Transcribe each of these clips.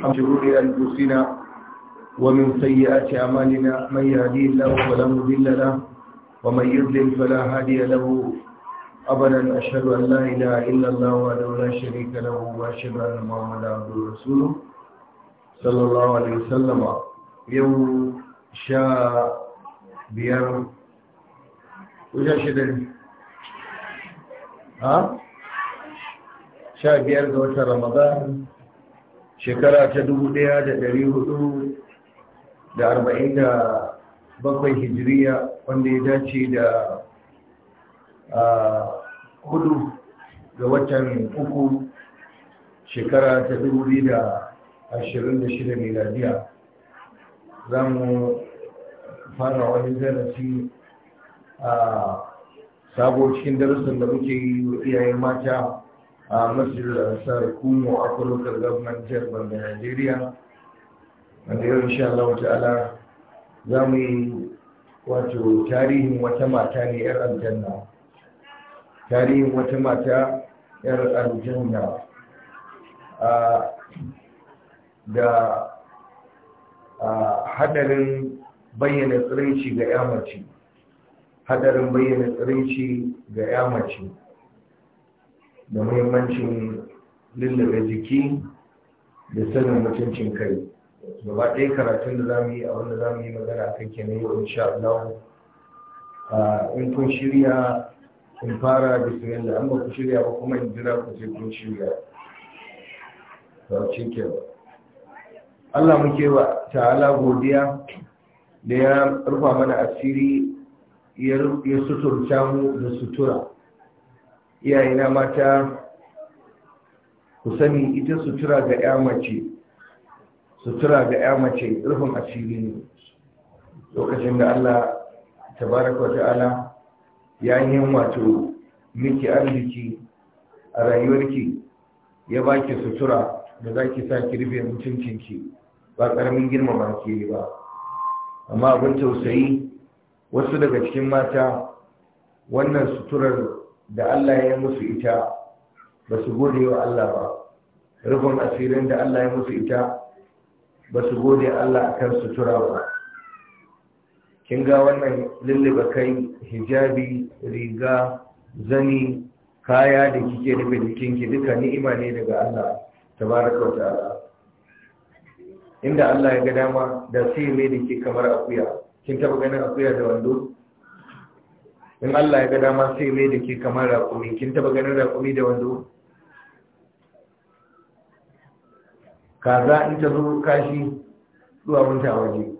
من شرور أنفسنا ومن سيئات أعمالنا من يهدي الله فلا مضل له ومن يضلل فلا هادي له أبدا أشهد أن لا إله إلا الله وحده لا شريك له وأشهد أن محمدا عبده ورسوله صلى الله عليه وسلم يوم شاء بيار وجا شدني ها شاء بيار دوت رمضان shekara ta dubu ɗaya da ɗari hudu da arba'in da bakwai hijiriya wanda ya dace da hudu ga watan uku shekara ta dubu ɗaya da ashirin da shida miladiya za mu fara wani zarafi a sabo cikin darussan da muke yi wa iyayen mata a masjidar asar kuma a kwallokar gwamnan jihar da nigeria wanda yau insha Allah ta'ala za mu yi wato tarihin wata mata ne yar aljanna tarihin wata mata yar aljanna da hadarin bayyana tsirinci ga yamaci hadarin bayyana tsirinci ga yamaci da muhimmancin lullube jiki da sanin mutuncin kai gaba ɗaya karatun da zamu yi a wanda zamu yi magana a kan kenan yau insha Allah in kun shirya in fara da bismillah an ba ku shirya ba kuma in jira ku sai kun shirya ke ba. Allah muke wa ta'ala godiya da ya rufa mana asiri ya suturta mu da sutura iyayena mata ku sani ita sutura ga ya mace sutura ga ya mace rufin asiri ne lokacin da Allah tabaraka wata'ala ya yi wato miki arziki a rayuwarki ya baki sutura da zaki sa ki rufe ki, ba karamin girmama ke ba amma abin tausayi wasu daga cikin mata wannan suturar da Allah ya musu ita ba su gode wa Allah ba rufin asirin da Allah ya musu ita ba su gode Allah a kan sutura ba kin ga wannan lulluba kai hijabi riga zani kaya da kike rufe jikinki duka ni'ima ne daga Allah tabaraka wa ta'ala inda Allah ya ga dama da sai mai da ke kamar akuya kin taba ganin akuya da wando in Allah ya ga dama sai mai da ke kamar raƙumi kin taba ganin raƙumi da wando kaza in ta zo kashi zuwa wunta waje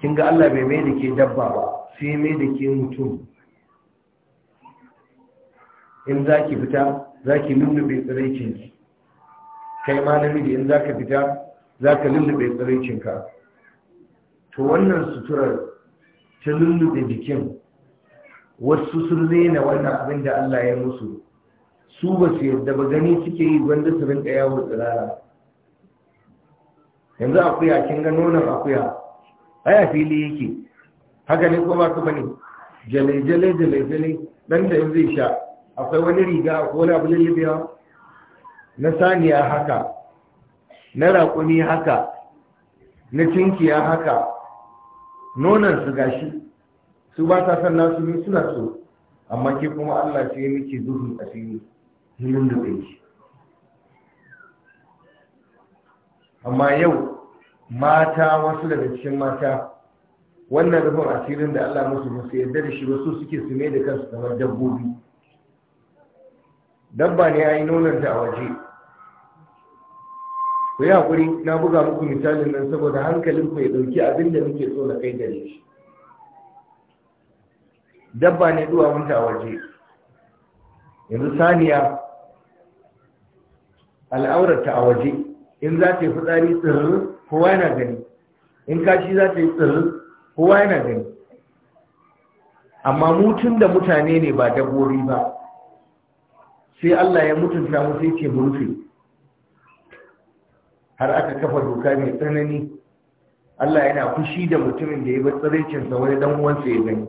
kin ga Allah bai mai da ke dabba ba sai mai da ke mutum in za ki fita za ki lullube tsiraicinki kai ma namiji in za ka fita za ka lullube tsiraicinka to wannan suturar ta lullube jikin wasu sun rena wannan abin da Allah ya musu su ba su yarda ba gani suke yi wanda su rinka yawo tsirara yanzu akuya kin ga nonon akuya aya fili yake haka ne ko ba ka bane jale jale jale jale dan da yanzu zai sha akwai wani riga ko wani abu lullubewa na saniya haka na raƙumi haka na cinkiya haka nonon su gashi su ba ta san nasu ne suna so amma ke kuma Allah ce muke zuhu a cikin hilin da kai amma yau mata wasu daga cikin mata wannan rufin asirin da Allah musu musu yadda da shi wasu suke su da kansu kamar dabbobi dabba ne ayi ta a waje ku yi haƙuri na buga muku misalin nan saboda hankalin ku ya ɗauki abin da muke so na kai gare shi dabba ne duwawunta a waje yanzu saniya al'aurata a waje in za ta yi fitsari tsirr kowa yana gani in kashi za ta yi tsirr kowa yana gani amma mutun da mutane ne ba dabbori ba sai Allah ya mutunta mu sai ce murfi har aka kafa doka mai tsanani Allah yana kushi da mutumin da ya bi tsiraicinsa wani dan uwansa ya gani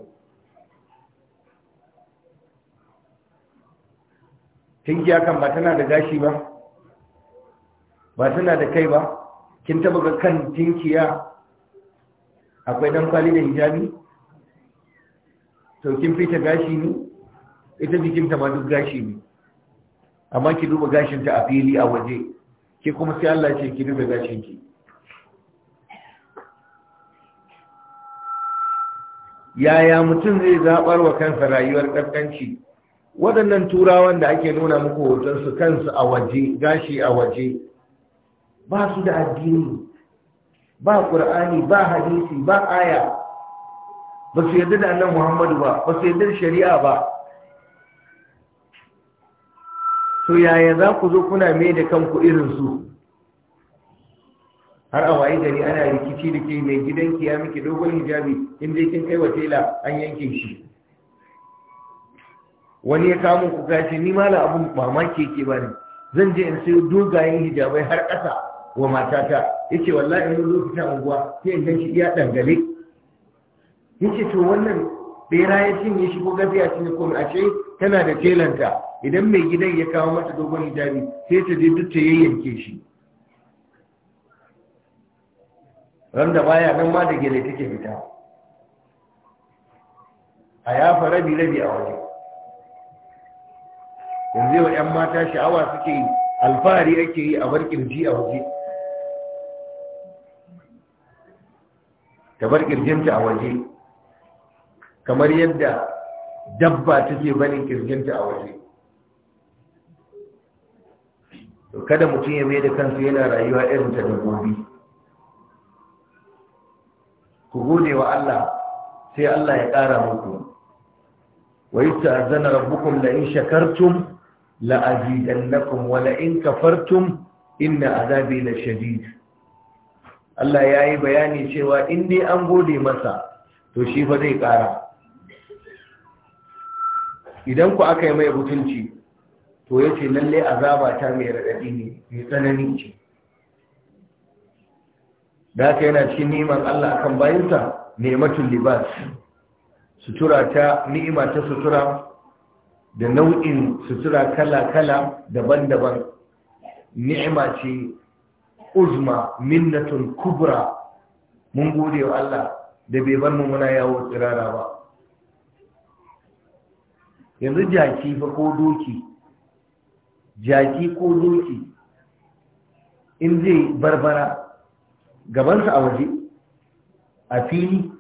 tinkiya kan ba tana da gashi ba ba tana da kai ba kin taba ga kan tinkiya akwai dan kwali da hijabi to kin fita gashi ne ita jikinta ma duk gashi ne amma ki duba gashinta a fili a waje ke kuma sai Allah ce ki duba gashinki yaya mutum zai zaɓar wa kansa rayuwar ƙasƙanci waɗannan turawan da ake nuna muku hoton hotonsu kansu a waje gashi a waje ba su da addini ba ƙur'ani ba hadisi ba aya ba su yarda da annan muhammadu ba ba su yarda shari'a ba to yaya za ku zo kuna mai da kanku irinsu har a waye gari ana rikici da ke mai gidanki ya miki dogon hijabi in dai kin kai wa tela an yanke shi wani ya kawo kuka ce ni mala abun mamaki yake ba ne zan je in sayo dogayen hijabai har ƙasa wa matata ce wallahi in zo fita unguwa sai in ganshi iya dangale ce to wannan bera ya cinye shi ko gafi ya cinye komai ce tana da telanta idan mai gidan ya kawo mata dogon hijabi sai ta je duk ta yayyanke shi randa baya nan ma da gele take fita a yafa rabi rabi a waje yanzu yau 'yan mata sha'awa suke yi alfahari ake yi a barkin ji a waje ta bar kirjinta a waje kamar yadda dabba ta take barin kirjinta a waje kada mutum ya mai da kansu yana rayuwa irin ta dabbobi ku gode wa Allah sai Allah ya ƙara muku wa yi ta zana rabbukun la'in shakartun la'azidannakum wa la'in kafartum inna azabi lashadid Allah yi bayani cewa in dai an gode masa to shi fa zai ƙara. idan ku aka yi mai butunci to ya ce lallai azaba ta mai raɗaɗi ne mai tsanani ce da haka yana cikin neman Allah akan bayinsa ni'matul libas sutura ta ni'ima ta sutura da nau'in sutura kala-kala daban-daban ni'ima ce uzma minnatun kubra mun gode wa Allah da bai bar mu muna yawo tsirara ba yanzu jaki fa ko doki jaki ko doki in zai barbara gabansa a waje a fili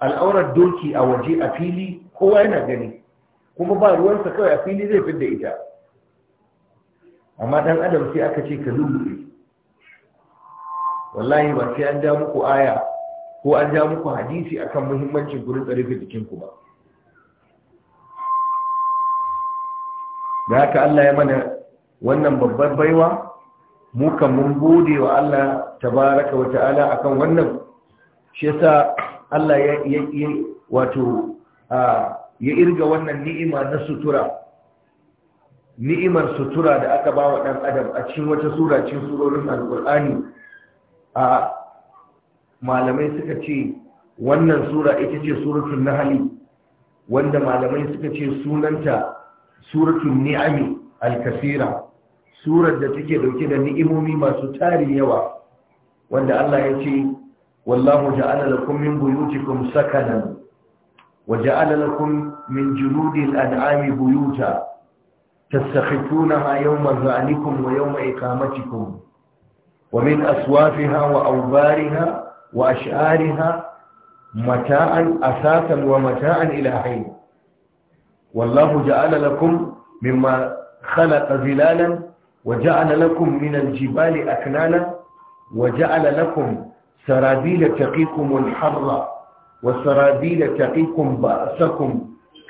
al'aurar doki a waje a fili kowa yana gani kuma ba ruwansa kawai a fili zai fidda ita amma dan adam sai aka ce ka lulluɓe wallahi ba sai an ja muku aya ko an ja muku hadisi akan muhimmancin gurin tsarifin jikinku ba da haka Allah ya mana wannan babbar baiwa mu kan mun gode wa Allah tabaraka wa ta'ala akan wannan shi yasa Allah ya wato a ya irga wannan ni'ima na sutura ni'imar sutura da aka ba wa ɗan adam a cikin wata sura cikin surorin alƙur'ani a malamai suka ce wannan sura ita ce suratul nahli wanda malamai suka ce sunanta suratul ni'ami al-kasira surar da take dauke da ni'imomi masu tarin yawa wanda Allah ya ce wallahu ja'ala lakum min buyutikum sakanan وجعل لكم من جلود الأنعام بيوتا تستخفونها يوم ذعنكم ويوم إقامتكم ومن أسوافها وأوبارها وأشعارها متاعا أساسا ومتاعا إلى حين والله جعل لكم مما خلق ظلالا وجعل لكم من الجبال أكنانا وجعل لكم سرابيل تقيكم الحر والسرابيل تقيكم بأسكم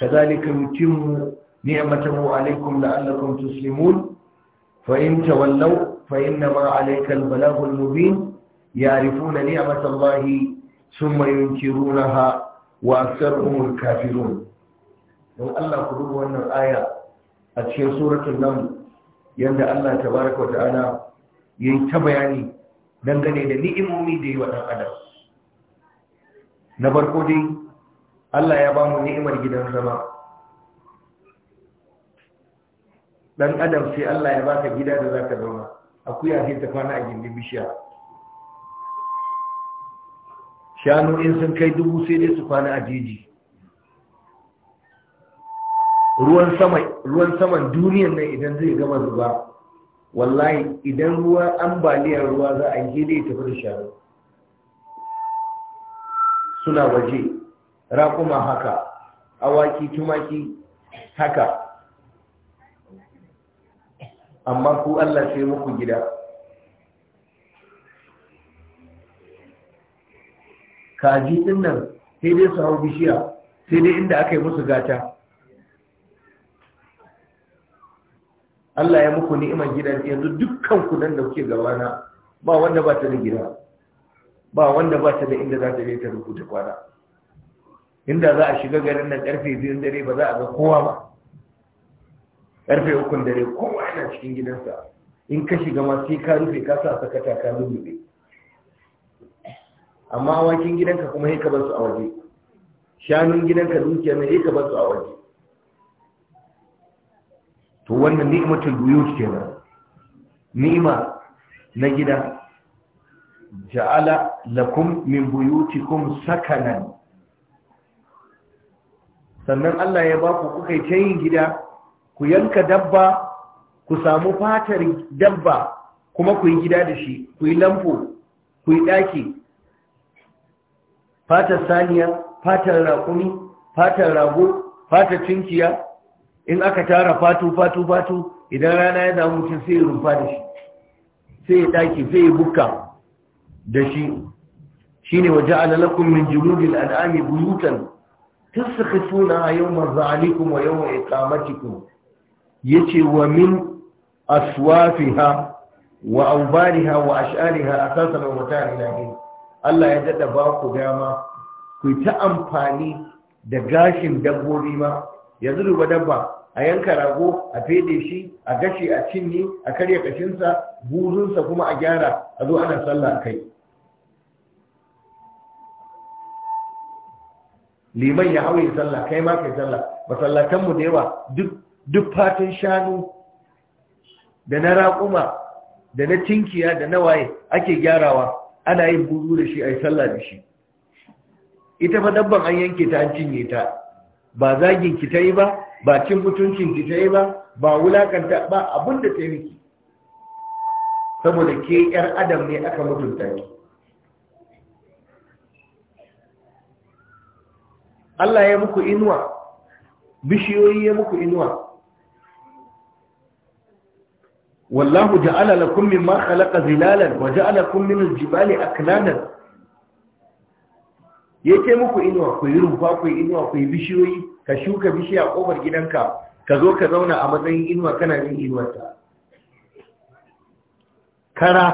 كذلك يتم نعمته عليكم لعلكم تسلمون فإن تولوا فإنما عليك البلاغ المبين يعرفون نعمة الله ثم ينكرونها وأكثرهم الكافرون don Allah ku duba wannan aya a cikin suratul nan yadda Allah tabaraka wa ta'ala yayi ta bayani dangane da ni'imomi da yi wa dan adam na farko dai Allah ya ba mu ni'imar gidan zama dan adam sai Allah ya baka gida da zaka zauna akuya sai ta kwana a gindin bishiya shanu in sun kai dubu sai dai su kwana a jeji ruwan sama ruwan saman duniyan nan idan zai gama zuba wallahi idan ruwa ambaliyar ruwa za a yi dai tafi da shanu suna waje raƙuma haka awaki tumaki haka amma ku Allah sai muku gida kaji din nan sai dai su hau bishiya sai dai inda aka yi musu gata Allah ya muku ni'imar gidan yanzu dukkan ku nan da kuke gabana ba wanda ba ta da gida ba wanda ba ta da inda za ta je ta rubuta kwana inda za a shiga garin nan karfe biyun dare ba za a ga kowa ba karfe ukun dare kowa yana cikin gidansa in ka shiga ma sai ka rufe ka sa sakata ka rubuce amma awakin gidanka kuma sai ka bar su a waje shanun gidanka dukiya ne sai ka bar su a waje to wannan ni'imatul buyut kenan ni'ima na gida ja'ala lakum min buyutikum sakanan sannan Allah ya ba ku kuka ta gida ku yanka dabba ku samu fatar dabba kuma ku yi gida da shi ku yi lamfo ku yi ɗaki fatar saniya fatar raƙumi fatar rago fatar cinkiya, in aka tara fatu fatu fatu idan rana ya damu mutum sai ya rumfa da shi sai ya ɗaki sai ya bukka da shi shine waje lakum min juludil an'ami buyutan taskhifuna yawma zalikum wa yawma Ya ce wa min ha, wa ha, wa a asasan wa mata'an ilahi Allah ya daɗa ba ku dama ku ta amfani da gashin dabbobi ma Ya duba dabba a yanka rago a fede shi a gashi a cinye a karya kashinsa buzunsa kuma a gyara a zo ana sallah a kai liman ya hawaye sallah kai ma kai sallah masallatanmu da yawa duk fatan shanu da na raƙuma da na tinkiya da na waye ake gyarawa ana yin buru da shi a yi sallah da shi ita fa dabban an yanke ta an cinye ta ba zagin ki ta yi ba ba cin mutuncin ki ta yi ba ba wulakanta ba abin da ta yi miki saboda ke yar adam ne aka mutunta ki Allah ya muku inuwa bishiyoyi ya muku inuwa wallahu ja'ala lakum mimma khalaqa zilalan wa ja'ala lakum min al-jibali aklanan yake muku inuwa ku yi rufa ku yi inuwa ku yi bishiyoyi ka shuka bishiya a kofar gidanka ka zo ka zauna a matsayin inuwa kana yin inuwarta kara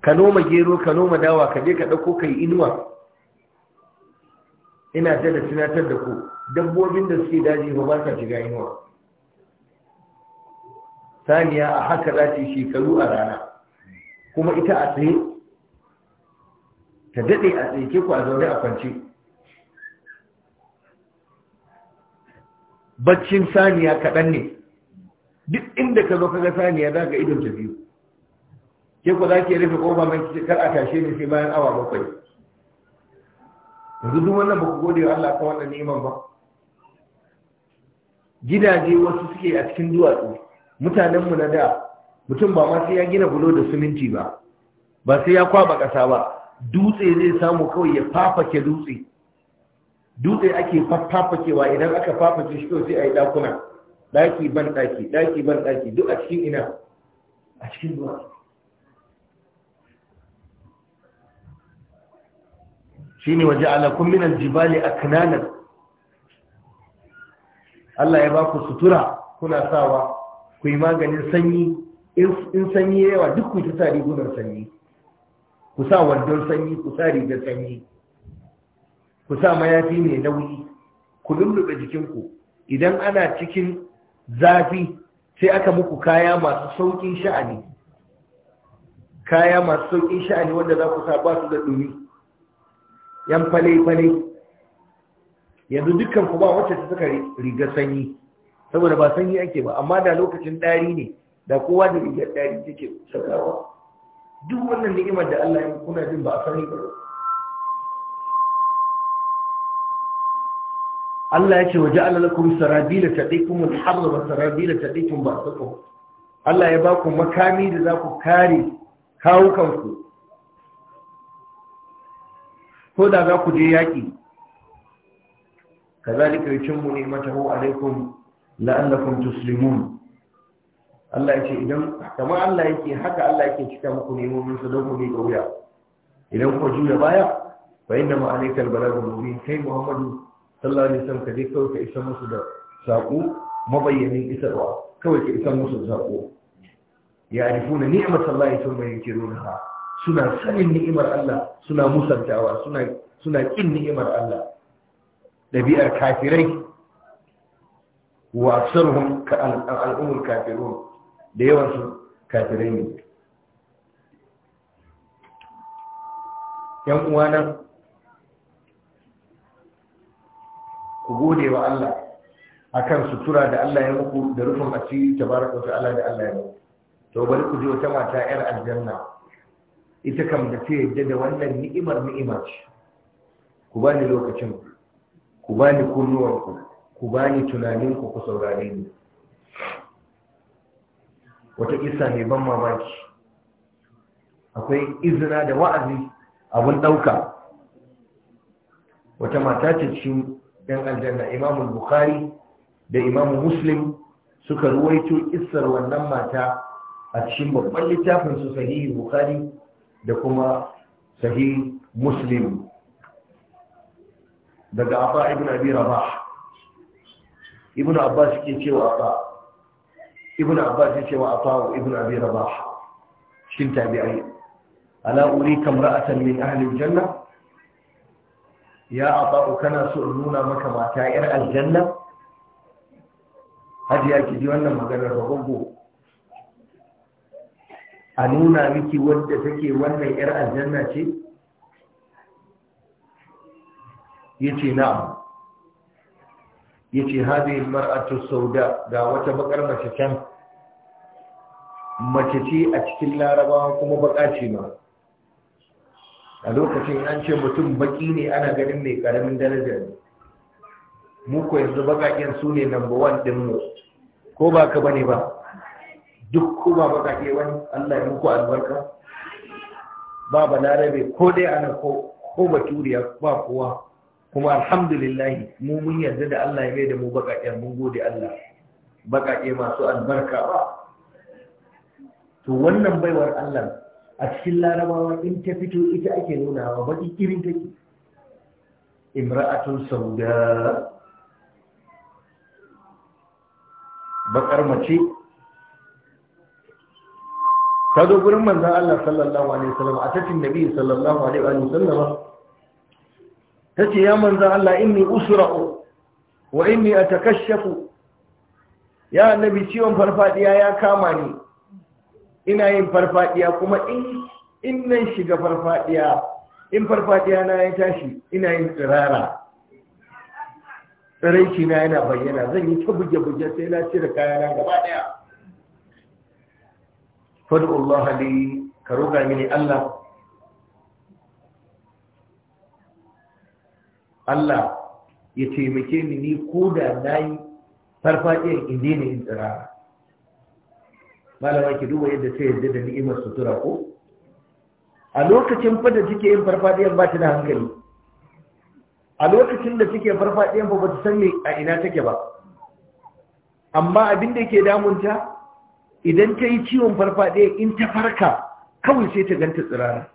ka noma gero ka noma dawa ka je ka dauko ka inuwa ina ta da tunatar da ku dabbobin da suke daji ba ba sa shiga inuwa saniya a haka za ta yi shekaru a rana kuma ita a tsaye ta daɗe a tsaye ke ku a zaune a kwance baccin saniya kaɗan ne duk inda ka zo kaga saniya za ka idon ta biyu ke ku za ki rufe ƙofa mai kar a tashe ne sai bayan awa bakwai yanzu duk wannan ba ku gode wa Allah ta wannan neman ba gidaje wasu suke a cikin duwatsu mutanenmu na da mutum ba ma sai ya gina bulo da siminti ba ba sai ya kwaba ƙasa ba dutse zai samu kawai ya fafake dutse dutse ake fafakewa idan aka fafake shi kawai sai a yi ɗakuna ɗaki ban ɗaki ɗaki ban ɗaki duk a cikin ina a cikin duwatsu shine waje alakun minan jibali kananan. Allah ya ba ku sutura kuna sawa ku yi maganin sanyi in sanyi yawa duk ku ta sa rigunan sanyi ku sa wandon sanyi ku sa rigar sanyi ku sa mayafi mai nauyi ku lullube jikinku idan ana cikin zafi sai aka muku kaya masu sauƙin sha'ani kaya masu sauƙin sha'ani wanda za ku sa ba su da ɗumi yan fale-fale yanzu dukkan ku ba wacce ta saka rigar sanyi saboda ba sanyi ake ba amma da lokacin ɗari ne da kowa da rigar ɗari take sakawa duk wannan ni'imar da Allah ya kuna jin ba a sani ba Allah ya ce waje alalakum sarabila taqikum al-harra wa sarabila taqikum ba'sakum Allah ya ba ku makami da za ku kare ku. ko da za ku je yaƙi kazalika yutimmu ni'matahu alaikum la'allakum tuslimun Allah yake idan kamar Allah yake haka Allah yake cika muku neman sa don ku bi wuya. idan kuma juya baya fa inna ma alayka al-balaghu kai Muhammadu sallallahu alaihi wasallam kaje kawai ka isa musu da sako mabayyanin isarwa kawai ka isa musu da sako ya arifuna ni'matallahi thumma yunkirunaha suna sanin ni'imar Allah suna musantawa suna suna kin ni'imar Allah dabi'ar kafirai wa aksaruhum ka al'umul kafirun da yawan su kafirai ne yan uwana ku gode wa Allah akan sutura da Allah ya muku da rufin asiri tabaraka wa ta'ala da Allah ya muku to bari ku ji wata mata yar aljanna ita kam da ta yadda da wannan ni'imar ni'imar ce ku bani lokacin ku bani kunnuwanku ku bani tunaninku ku saurare ni wata isa mai ban mamaki akwai izina da wa'azi abun ɗauka wata mata ce cikin ɗan aljanna imamu bukhari da imamu muslim suka ruwaito isar wannan mata a cikin babban littafin su sahihi bukhari da kuma sahih muslim daga abba ibn abi rabah ibn abbas ke cewa abba ibn abbas ke cewa abba ibn abi rabah shin tabi'i ala urika imra'atan min ahli aljanna ya abba kana so in nuna maka mata yar aljanna hajiya ki ji wannan maganar da a nuna miki wadda take wannan ‘yar aljanna ce? ya ce na'am ya ce mar'atu sauda ga wata bakar mace can mace ce a cikin larabawa kuma baka ce ma a lokacin an ce mutum baki ne ana ganin mai karamin daraja ne muku yanzu bakaƙen su ne number one ɗinmu ko ba ka bane ba duk ko ba baka ke wani Allah ya muku albarka ba larabe ko dai ana ko ko turiya ba kowa kuma alhamdulillah mu mun yarda da Allah ya bai da mu bakaƙen mun gode Allah bakaƙe masu albarka ba to wannan baiwar Allah a cikin larabawa in ta fito ita ake nuna, nunawa baki irin take imra'atun sauda bakar mace ta zo gurin manzan Allah sallallahu alaihi wasallam a tafin nabi sallallahu alaihi wasallam ta ce ya manzan Allah inni usra'u wa inni atakashafu ya nabi ciwon farfadiya ya kama ni ina yin farfadiya kuma in in nan shiga farfadiya in farfadiya na ya tashi ina yin tsirara tsiraici na yana bayyana zan yi ta buge-buge sai na cire kayana gaba daya Allah li ka roƙa mini Allah Allah ya taimake ni ni ko da yi farfajiyar inda ne in tsira malama ki duba yadda sai yadda da ni'imar sutura ko a lokacin fa da yin farfajiyar ba ta da hankali a lokacin da suke farfajiyar ba ba ta san a ina take ba amma abin da yake damunta idan ta yi ciwon farfaɗe in ta farka kawai sai ta ganta tsirara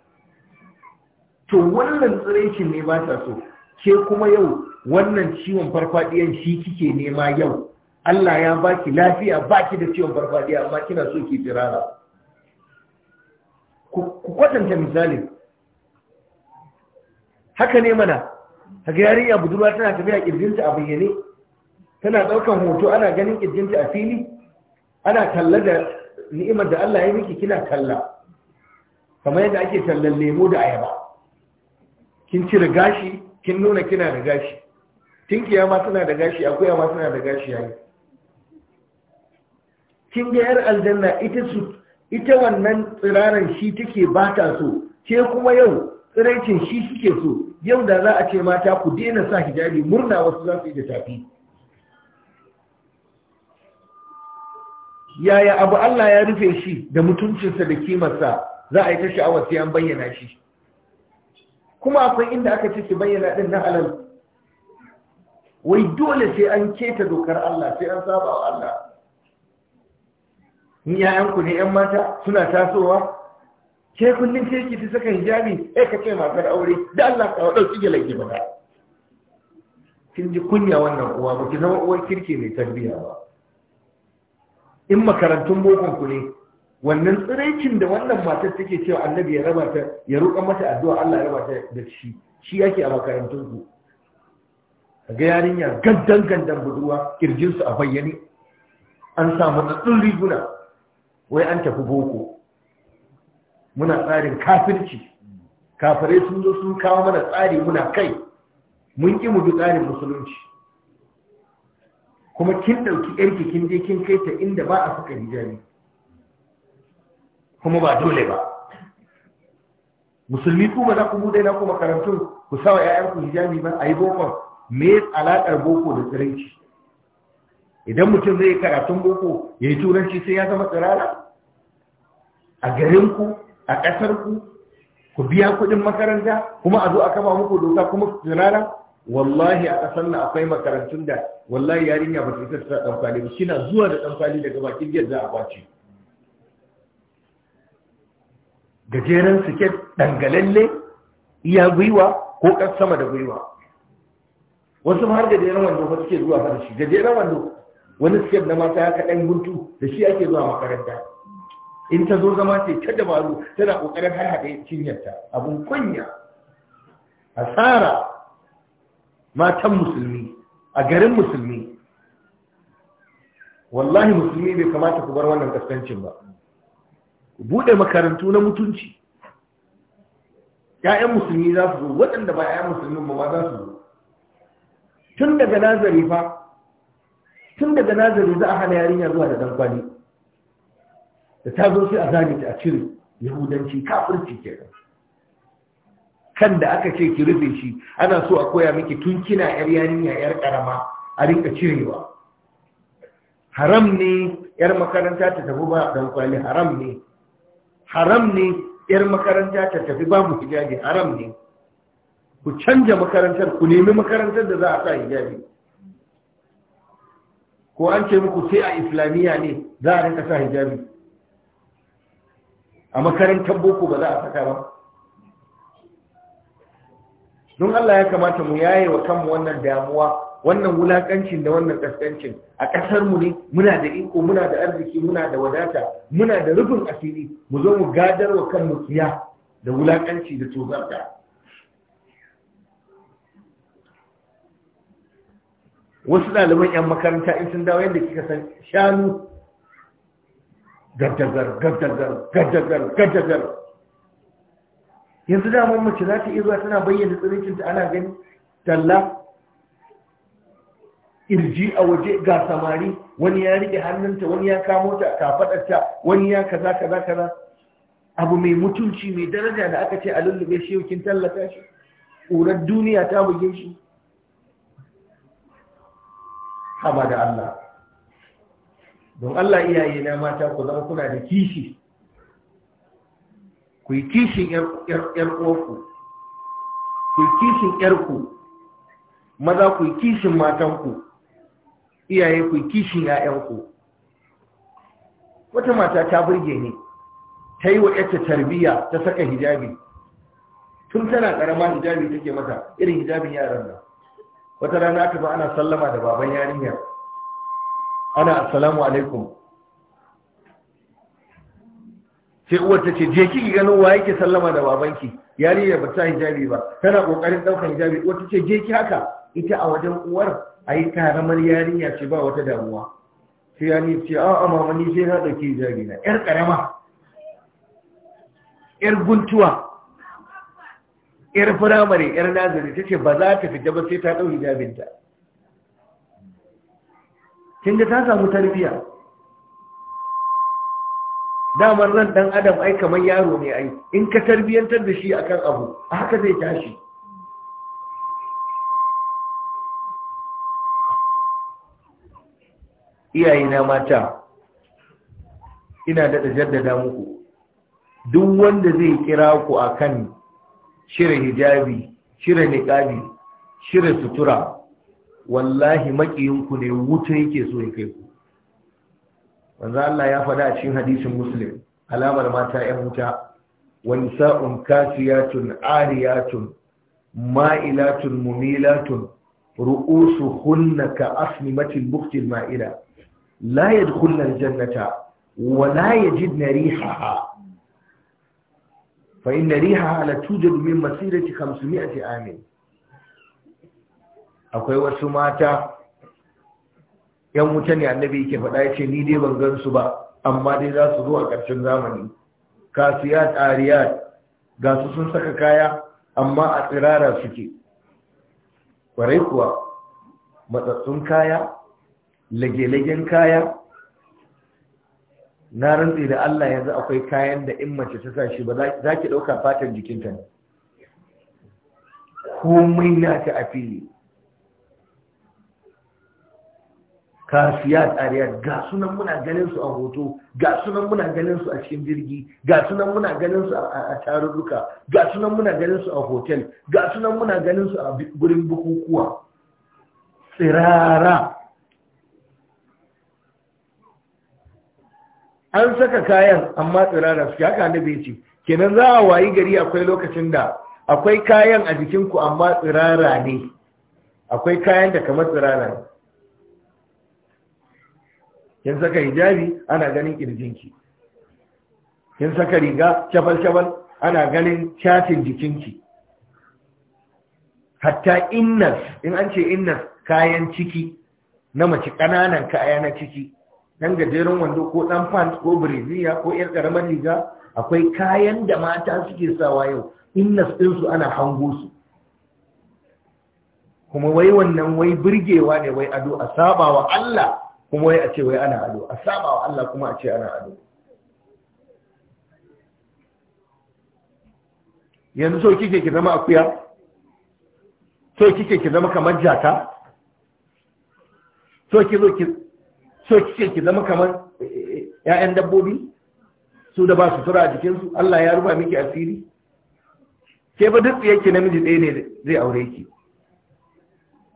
to wannan tsiraicin ne ba ta so ke kuma yau wannan ciwon farfaɗiyan shi kike nema yau Allah ya baki lafiya baki da ciwon farfaɗiya amma kina so ki tsirara ku kwatanta misali haka ne mana haka yarinya budurwa tana tafiya kirjinta a bayyane tana ɗaukan hoto ana ganin kirjinta a fili ana kalla da ni'imar da Allah ya miki kina kalla, kamar yadda ake tallan lemo da ayaba kin cire gashi kin nuna kina da gashi tinkiya ma suna da gashi akuya ma suna da gashi yayi kin ga yar aljanna ita su ita wannan tsiraran shi take ba ta so ke kuma yau tsiraicin shi suke so yau da za a ce mata ku daina sa hijabi murna wasu za su yi da tafi yaya abu Allah ya rufe shi da mutuncinsa da kimarsa za a yi ta sha'awar sai an bayyana shi kuma akwai inda aka ce ki bayyana din na halal wai dole sai an keta dokar Allah sai an saba wa Allah in yayanku ne yan mata suna tasowa ke kullum ke ki saka hijabi eh ka ce matar aure da Allah ka dauki gelaki ba kin ji kunya wannan uwa ba ki zama uwar kirki mai tarbiyya ba in makarantun bokon ku ne wannan tsiraicin da wannan matar take cewa annabi ya raba ta ya roƙa mata addu'a Allah ya raba ta da shi shi yake a makarantun ku ga yarinya gandan gandan budurwa kirjin su a bayyane an samu tsattun riguna wai an tafi boko muna tsarin kafirci kafirai sun zo sun kawo mana tsari muna kai mun ƙi mu bi tsarin musulunci kuma kin ɗauki ‘yarki kin je kin kai ta inda ba a suka hijabi kuma ba dole ba musulmi ku ba za ku buɗe na ku makarantun ku sawa ‘ya'yanku hijabi ba a yi bokon me alaƙar boko da tsiranci idan mutum zai karatun boko ya yi turanci sai ya zama tsirara a ku a ƙasar ku ku biya kuɗin makaranta kuma a zo a kama muku doka kuma tsirara wallahi a ƙasar na akwai makarantun da wallahi yarinya ba ta isa ɗan kwali ba kina zuwa da ɗan daga bakin gidan za a kwace gajeren siket dangalalle iya gwiwa ko ƙas sama da gwiwa wasu har gajeren wando ba suke zuwa fara shi gajeren wando wani siket na mata ya kaɗan guntu da shi ake zuwa makaranta in ta zo zama ce ta dabaru tana ƙoƙarin har haɗe cinyarta abun kunya asara matan musulmi a garin musulmi wallahi musulmi bai kamata ku bar wannan kaskancin ba ku buɗe makarantu na mutunci ‘ya'yan musulmi za su zo waɗanda ba ‘ya'yan musulmin ba ma za su zo tun daga nazari fa tun daga nazari za a hana yarinya zuwa da dankwali da ta zo sai a zane ta a cire yahudanci kafirci kenan kan da aka ce ki rufe shi ana so a koya miki tun kina yar yarinya yar karama a rinka cirewa haram ne yar makaranta ta tafi ba dan kwali haram ne haram ne yar makaranta ta tafi ba mu hijabi haram ne ku canja makarantar ku nemi makarantar da za a sa hijabi ko an ce muku sai a islamiyya ne za a rinka sa hijabi a makarantar boko ba za a saka ba don Allah ya kamata mu yaye wa kanmu wannan damuwa wannan wulakancin da wannan kaskancin a ƙasar mu ne muna da iko muna da arziki muna da wadata muna da rufin asiri mu zo mu gadar wa kanmu tsiya da wulakanci da tozarta wasu ɗaliban 'yan makaranta in sun dawo yadda kika san shanu gaddagar gaddagar gaddagar gaddagar yanzu damar mace za ta iya zuwa tana bayyana tsirikinta ana gani talla irji a waje ga samari wani ya rike hannunta wani ya kamo ta kafadarta wani ya kaza kaza kaza abu mai mutunci mai daraja da aka ce a lullube shi tallata shi ƙurar duniya ta buge shi haba da Allah don Allah iyaye na mata ku zama kuna da kishi ku yi kishin ƴar ku yi kishin ƴarku maza ku yi kishin matanku iyaye ku yi kishin ƴaƴanku wata mata ta burge ne ta yi wa ƴarta tarbiyya ta saka hijabi tun tana ƙarama hijabi take mata irin hijabin yaran nan wata rana aka ba ana sallama da baban yarinya ana assalamu alaikum sai uwar ta ce je ki ganin wa yake sallama da babanki yarinya ba ta hijabi ba tana kokarin daukar hijabi uwar ta ce je ki haka ita a wajen uwar ayi karamar yarinya ce ba wata damuwa sai ya ce a mama ni sai na dauki hijabi na yar karama yar guntuwa yar firamare yar nazari ta ce ba za ta fita ba sai ta dau hijabinta kin ga ta samu tarbiyya damar ran dan adam ai kamar yaro ne ai in ka tarbiyantar da shi akan abu haka zai tashi iyaye na mata ina da jaddada muku duk wanda zai kira ku akan shirin hijabi shirin niqabi shirin sutura wallahi makiyinku ne wuta yake so ya kai ku manzo Allah ya faɗa a cikin hadisin muslim alamar mata ƴan wuta wa nisa'un kasiyatun ariyatun ma'ilatun mumilatun ru'usuhunna ka asnimatil buktil ma'ila la yadkhulna aljannata wa la yajidna rihaha fa inna rihaha la tujadu min masirati 500 amin akwai wasu mata yan wuta ne annabi yake faɗa ya ce ni dai ban gan su ba amma dai za su zo a ƙarshen zamani kasiyat ariyat ga su sun saka kaya amma a tsirara suke kwarai kuwa matsatsun kaya lage-lagen kaya na rantsi da Allah yanzu akwai kayan da in mace ta sa shi ba za ki ɗauka fatan jikinta ne komai na ta a fili kafiya tsariya ga sunan muna ganin su a hoto ga sunan muna ganin su a cikin jirgi ga sunan muna ganin su a tarurruka ga sunan muna ganin su a hotel ga sunan muna ganin su a gurin bukukuwa tsirara an saka kayan amma tsirara suke haka bai ce kenan za a wayi gari akwai lokacin da akwai kayan a jikinku amma tsirara ne akwai kayan da kamar tsirara ne kin saka hijabi ana ganin kirjinki kin saka riga shabal-shabal, ana ganin jikin jikinki hatta innas in an ce innas kayan ciki na mace ƙananan kaya na ciki dan gajeren wando ko dan pants ko breziya ko yar karamar riga akwai kayan da mata suke sawa yau innas ɗinsu ana hango su kuma wai wannan wai birgewa ne wai ado a sabawa Allah kuma wai a ce wai ana ado a saba wa Allah kuma a ce ana ado yanzu so kike ki zama akuya so kike ki zama kamar jaka so ki zo ki so kike ki zama kamar eh, eh, eh, ƴaƴan dabbobi su da ba su tura a jikinsu Allah ya ruba miki asiri ke ba duk yake namiji ɗaya ne zai aure ki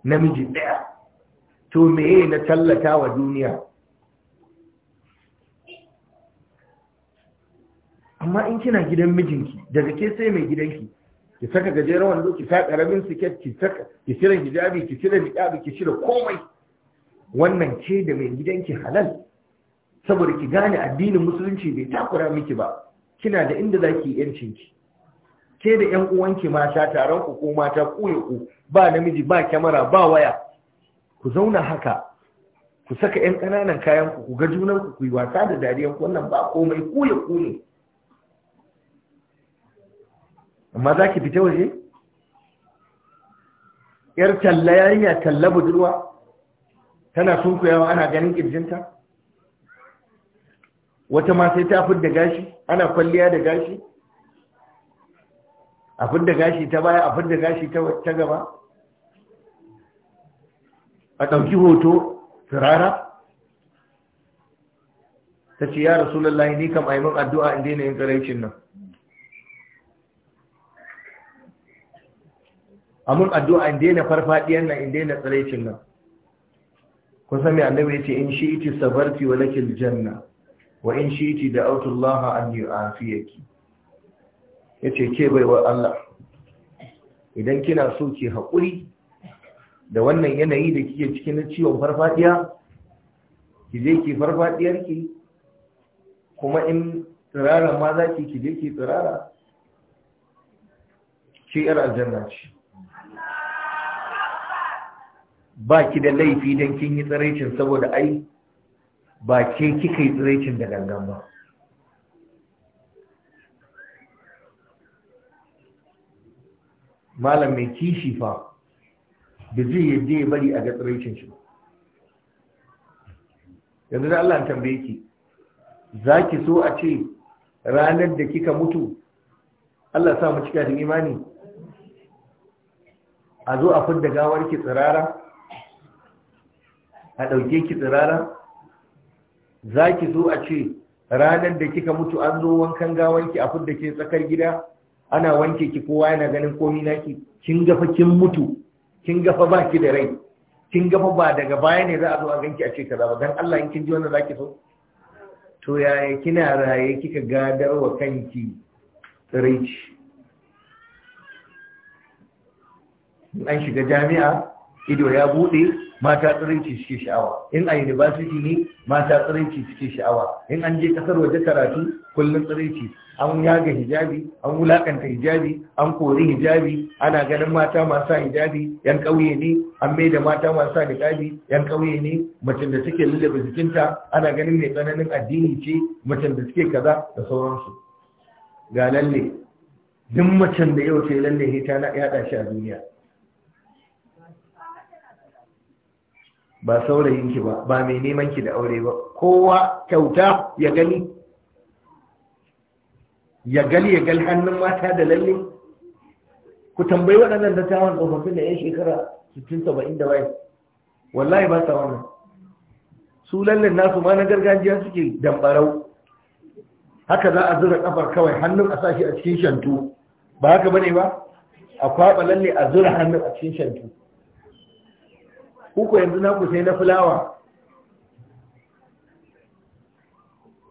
namiji ɗaya to meye na tallata wa duniya amma in kina gidan mijinki daga ke sai mai gidanki ki saka gajeren wando ki sa karamin siket ki saka ki cire hijabi ki cire niqabi ki shirya komai wannan ce da mai gidanki halal saboda ki gane addinin musulunci bai takura miki ba kina da inda zaki yancin ki ke da yan uwanki mata taron ku ko mata ku ku ba namiji ba kyamara ba waya ku zauna haka ku saka 'yan ƙananan kayan ku ga junan ku yi wasa da dariyan ku wannan ba komai kule kule amma za ki fita waje yar talla yarinya talla budurwa tana sunkuyawa ana ganin ƙirjinta? wata ma sai ta fidda gashi ana kwalliya da gashi a fidda gashi ta baya a fidda gashi ta gaba a ɗauki hoto firara ta ce ya rasulallah ni kam aimin addu'a in daina yin nan amin addu'a in daina farfaɗiyar nan in daina tsaraicin nan kusa mai annabi ya ce in shi iti sabarti wa lakil janna wa in shi iti da autullaha an yi fiyaki ya ce ke baiwa Allah idan kina so ke haƙuri da wannan yanayi da kike cikin na ciwon farfadiya ki je ki farfadiyar ki kuma in tsirara ma za ki ki je ki tsirara ki yar aljanna ce ba ki da laifi don kin yi tsiraicin saboda ai ba ke kika yi tsiraicin da gangan ba malam mai kishi fa da zai yadda ya bari a ga shi yanzu da Allah tambaye ki za ki so a ce ranar da kika mutu Allah sa mu cika da imani a zo a fudda gawar ki tsirara a ɗauke ki tsirara za ki so a ce ranar da kika mutu an zo wankan gawar ki a fudda ke tsakar gida ana wanke ki kowa yana ganin komi naki kin gafa kin mutu kin gafa ba ki da rai kin gafa ba daga baya ne za a zo a ganki a ce ka ba dan Allah in kin ji wannan zaki so to yaya kina raye kika wa kanki rich an shiga jami'a ido ya bude mata tsirinci suke sha'awa in a university ne mata tsirinci suke sha'awa in an je kasar waje karatu kullum tsirinci an yaga hijabi an wulakanta hijabi an kori hijabi ana ganin mata masu hijabi yan ƙauye ne an mai da mata masu hijabi yan ƙauye ne mutum da suke lullaba jikinta ana ganin mai tsananin addini ce mutum da suke kaza da sauransu ga lalle duk mutum da yau ce lalle ta na yada shi a duniya ba saurayin ki ba ba mai neman ki da aure ba kowa kyauta ya gani ya gani ya gal hannun mata da lalle ku tambayi waɗannan dattawan tsofaffin da 'yan shekara 60-70 da waye wallahi ba sa wannan su lallin nasu ma na gargajiya suke dambarau haka za a zura kafar kawai hannun a sashi a cikin shantu ba haka bane ba a kwaɓa lalle a zura hannun a cikin shantu kuku yanzu na sai na fulawa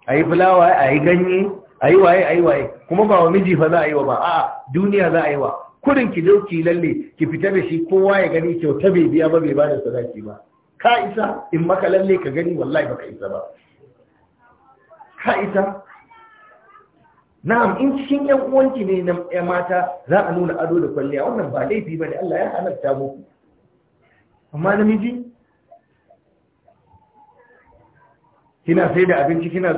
a yi fulawa a yi ganye a yi waye a yi waye kuma ba wa miji fa za a yi wa ba a duniya za a yi wa kudin ki zo ki lalle ki fita da shi kowa ya gani kyauta bai biya ba bai ba da sadaki ba ka isa in maka lalle ka gani wallahi baka isa ba ka isa na'am in cikin yan uwanki ne na mata za a nuna ado da kwalliya wannan ba laifi ba ne, Allah ya halatta muku amma namiji kina sai da abinci kina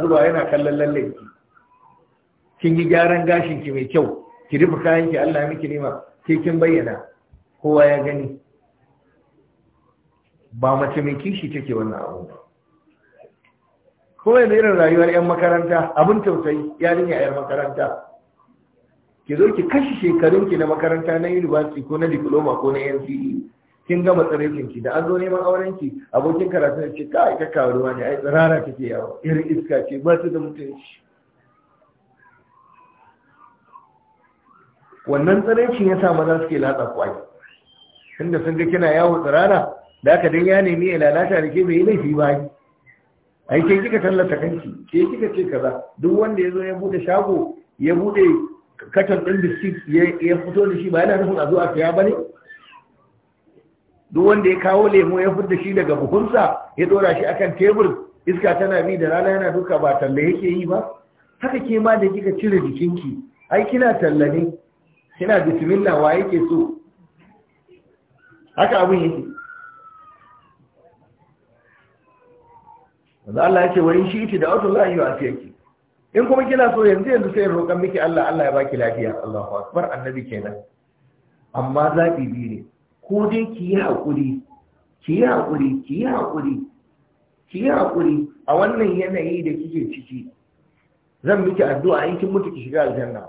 zuba yana kallon lalle kin yi gyaran gashin ki mai kyau ki rufe kayanki, ki Allah miki nima ke kin bayyana kowa ya gani ba mace mai kishi take wannan abu Ko yanzu irin rayuwar 'yan makaranta abin tausayi yarinya 'yan makaranta ki zo ki kashe shekarunki na makaranta na university ko na diploma ko na nce kin gama tsarikin ki da an zo neman auren ki abokin karatu ne ce kai ka karuwa ne ai tsirara kake yawo irin iska ce ba ta da mutunci wannan tsirrikin ya sa maza suke latsa kwai tunda sun ga kina yawo tsirara da aka dinga ya nemi ya lalata da ke bai laifi ba ni ai ke kika tallata kanki ke kika ce kaza duk wanda ya zo ya bude shago ya bude katon ɗin biskit ya fito da shi ba yana nufin a zo a siya ba ne duk wanda ya kawo lemo ya fudda shi daga buhunsa ya dora shi akan tebur iska tana bi da rana yana duka ba talla yake yi ba haka ke ma da kika cire jikinki ai kina talla ne kina bismillah wa yake so haka abin yake wanda Allah yake wurin shi ita da Allah ya afiya ki in kuma kina so yanzu yanzu sai roƙan miki Allah Allah ya baki lafiya Allahu akbar annabi kenan amma zabi biyu ne ko dai ki yi haƙuri ki yi haƙuri ki yi haƙuri ki yi haƙuri a wannan yanayi da kike ciki zan miki addu'a in kin mutu ki shiga aljanna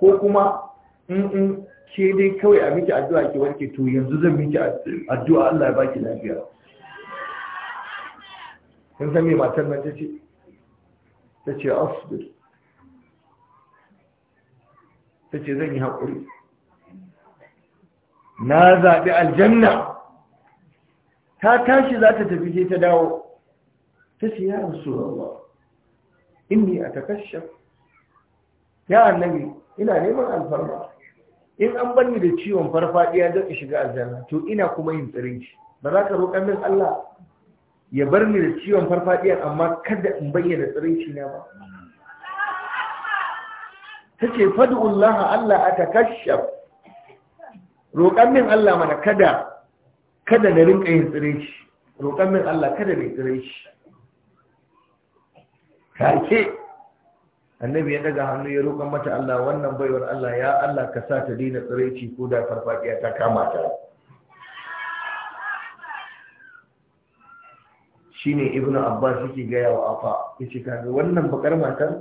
ko kuma in in ke dai kawai a miki addu'a ki warke to yanzu zan miki addu'a Allah ya baki lafiya kun san me matar nan tace tace asbir tace zan yi haƙuri na zaɓi aljanna ta tashi za ta tafi sai ta dawo ta ce ya rawa inni a takashaf ya annabi ina neman alfarma in an banni da ciwon farfadiya zan shiga aljanna to ina kuma yin tsirinci ba za ka roƙa min Allah ya bar ni da ciwon farfadiya amma kada in bayyana tsirinci na ba Ta ce, fad'u Allah a atakashaf roƙan min Allah mana kada kada na rinƙa yin tsire shi roƙan min Allah kada na tsire shi take annabi ya daga hannu ya roƙon mata Allah wannan baiwar Allah ya Allah ka sa ta daina tsire shi ko da farfajiya ta kama ta shine ibnu abbas yake gaya wa afa yace kaga wannan bakar matan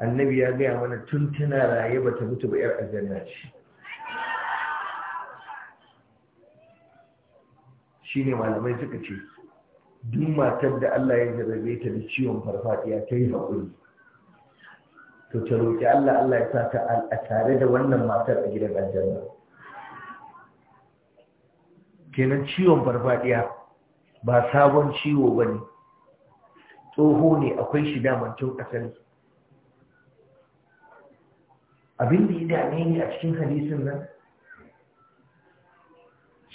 annabi ya gaya mana tun tana raye bata mutu ba yar aljanna ce Shi ne malamai suka ce duk matar da Allah ya jarrabe ta da ciwon farfadiya ta yi haƙuri to ta roƙi Allah Allah ya sa ta a tare da wannan matar a gidan aljanna kenan ciwon farfadiya ba sabon ciwo ba ne tsoho ne akwai shi damancin asali abin da ya dame ni a cikin hadisin nan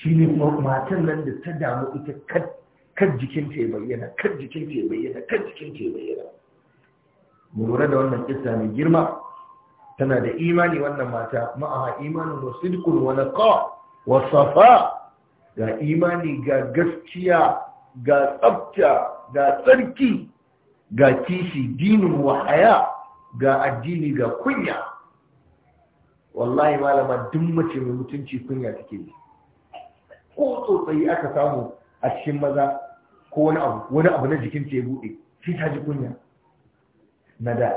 shi ne matan nan da ta damu ita kan jikinta ya bayyana kan jikinta ya bayyana kan jikin bayyana mu lura da wannan kissa mai girma tana da imani wannan mata maa imanin wa sidkun wa naqa wa safa ga imani ga gaskiya ga tsafta ga tsarki ga kishi dinin wahaya, ga addini ga kunya wallahi malama duk mace mai mutunci kunya take yi ko tsotsayi aka samu a cikin maza ko wani abu wani abu na jikin ta ya buɗe shi ta ji kunya na da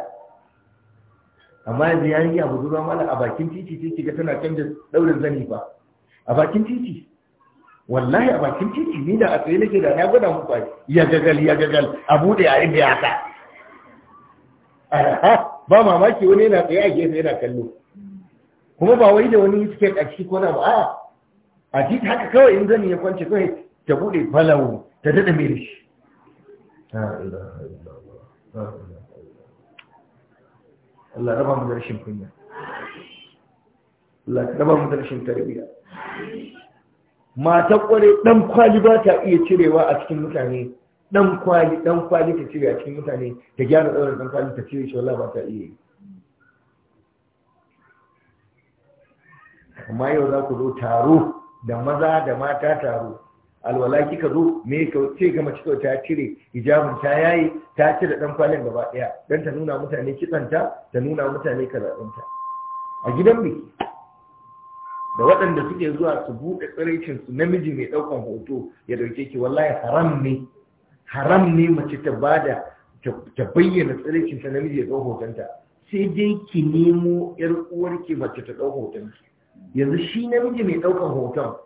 amma yanzu ya yi abu zuwa mala a bakin titi titi ga tana canja daurin zani fa a bakin titi wallahi a bakin titi ni da a tsaye nake da na gwada muku ya gagal ya gagal a buɗe a inda ya ta ba mamaki wani yana tsaye a gefe yana kallo kuma ba wai da wani tiket a ciki ko na ba a ji haka kawai in zani ya kwance kawai ta bude falawo ta dada mai da shi Allah raba mu da rashin kunya Allah raba mu da rashin tarbiyya mata kware dan kwali ba ta iya cirewa a cikin mutane dan kwali dan kwali ta cire a cikin mutane ta gyara tsawon dan kwali ta cire shi wallahi ba ta iya amma yau za ku zo taro da maza da mata taro alwala kika zo me ka ce ga mace ta cire hijabin ta yayi ta cire dan kwalin gaba daya dan ta nuna mutane kitsanta ta nuna mutane karatunta a gidan biki da waɗanda suke zuwa su buɗe tsiraicin su namiji mai ɗaukan hoto ya dauke ki wallahi haram ne haram ne mace ta bada ta bayyana tsiraicin ta namiji ya ɗau hotonta sai dai ki nemo yar uwarki mace ta ɗau hotonki yanzu shi namiji mai ɗaukan hoton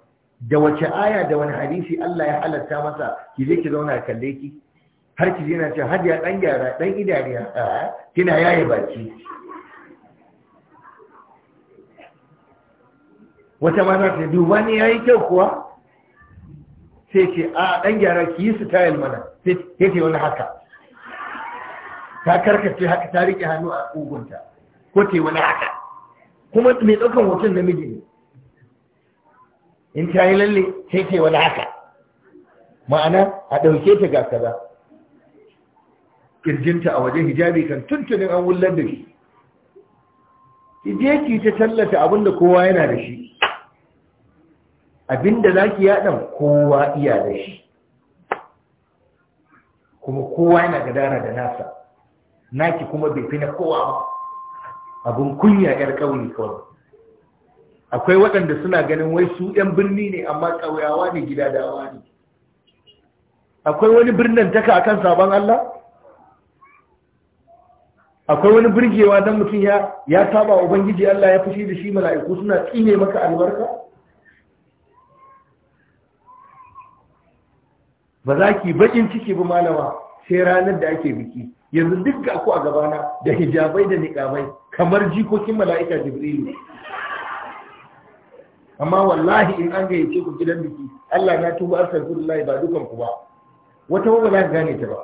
da wace aya da wani hadisi Allah ya halatta masa ki je ki zauna kalle ki har ki yana cewa ya dan gyara dan idariya kina yaye baki wata ma za ta duba ne yayi kyau kuwa sai ce a dan gyara ki yi style mana sai ce wani haka ta karkace haka ta rike hannu a kugunta ko ce wani haka kuma mai ɗaukan hoton namiji ne in ta yi lalle sai ta yi wani haka ma'ana a ɗauke ta ga kaza kirjinta a wajen hijabi kan tuntunin an wullar da shi idan ta tallata abinda kowa yana da shi abinda zaki yaɗan kowa iya da shi kuma kowa yana gadara da nasa naki kuma bai fi na kowa ba abun kunya yar ƙauye kawai akwai waɗanda suna ganin wai su 'yan birni ne amma ƙauyawa ne gida dawa ne akwai wani birnin taka akan sabon Allah akwai wani birgewa don mutum ya ya saba ubangiji Allah ya fushi da shi mala'iku suna tsine maka albarka ba za ki bakin ciki ba malama sai ranar da ake biki yanzu duk ga ku a gabana da hijabai da niƙamai kamar jikokin mala'ika jibrilu amma wallahi in an gayyace ku gidan biki Allah ya tuba alhamdulillah ba dukan ku ba wata wanda za gane ta ba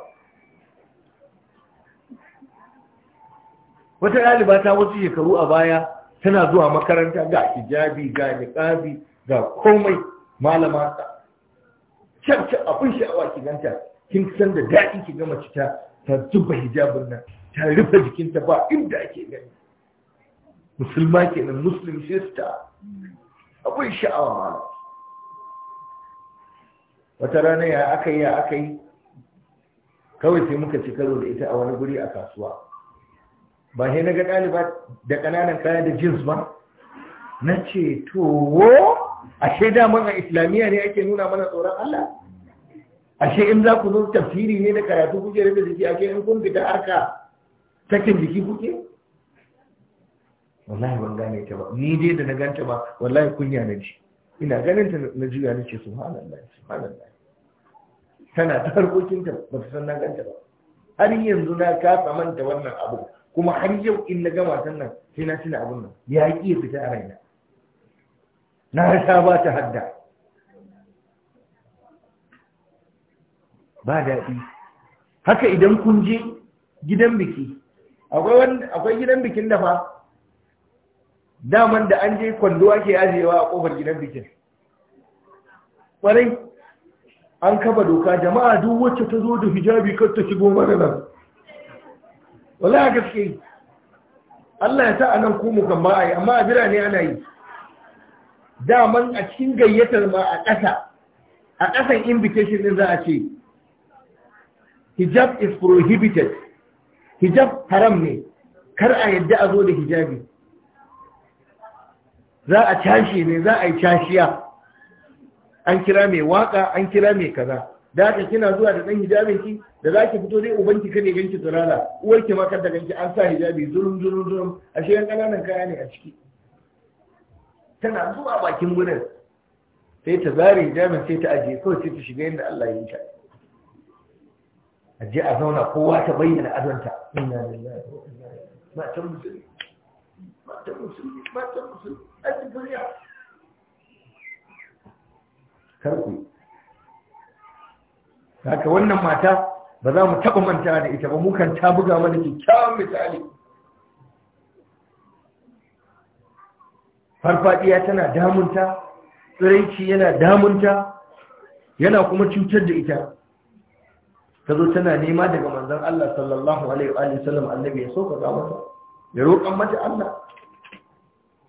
wata ɗaliba ta wasu shekaru a baya tana zuwa makaranta ga hijabi ga niqabi ga komai malama ta abin sha'awa ki ganta kin san da daɗi ki gama ta ta zuba hijabin nan ta rufe jikinta ba inda ake gani musulma kenan muslim sister akwai sha'awa wata rana ya aka yi ya aka yi kawai sai muka ci karo da ita a wani guri a kasuwa ba sai na ga ɗaliba da ƙananan kaya da jins ba na ce to ashe daman a islamiyya ne ake nuna mana tsoron Allah ashe in za ku zo tafsiri ne na karatu kuke rufe jiki Ake in kun fita harka sakin jiki kuke wallahi ban gane ta ba ni dai da na ganta ba wallahi kunya na ji ina ganin ta na juya ni ce subhanallah subhanallah tana ta harkokin ta ba ta san na ganta ba har yanzu na kasa manta wannan abu kuma har yau in na gama sannan sai na tuna abun nan ya ki fita a raina na sha ba ta hadda ba daɗi haka idan kun je gidan biki akwai gidan bikin da fa daman da an je kwando ake ajiyewa a ƙofar gidan bikin ƙwarai an kaba doka jama'a duk wacce ta zo da hijabi kar ta shigo mana nan wala gaske Allah ya sa a nan kuma kan ba a yi amma a birane ana yi daman a cikin gayyatar ma a ƙasa a ƙasan invitation din za a ce hijab is prohibited hijab haram ne kar a yadda a zo da hijabi za a cashe ne za a yi cashiya an kira mai waka an kira mai kaza da ka kina zuwa da dan hijabin ki da za ki fito dai ubanki kane ganki turala ki ma da ganki an sa hijabi zulum zulum zulum ashe yan kananan kaya ne a ciki tana zuwa bakin gurin sai ta zare hijabin sai ta ajiye kawai sai ta shiga yadda Allah ya yi ta a je a zauna kowa ta bayyana azanta inna lillahi wa inna ilaihi musulmi musulmi musulmi karku haka wannan mata ba za mu taɓa manta da ita ba mukan ta buga mana kyakkyawan misali farfadiya tana damunta tsiraici yana damunta yana kuma cutar da ita ta zo tana nema daga manzan Allah sallallahu alaihi wa’alaihi sallam annabi ya soka ga mata ya roƙon mata Allah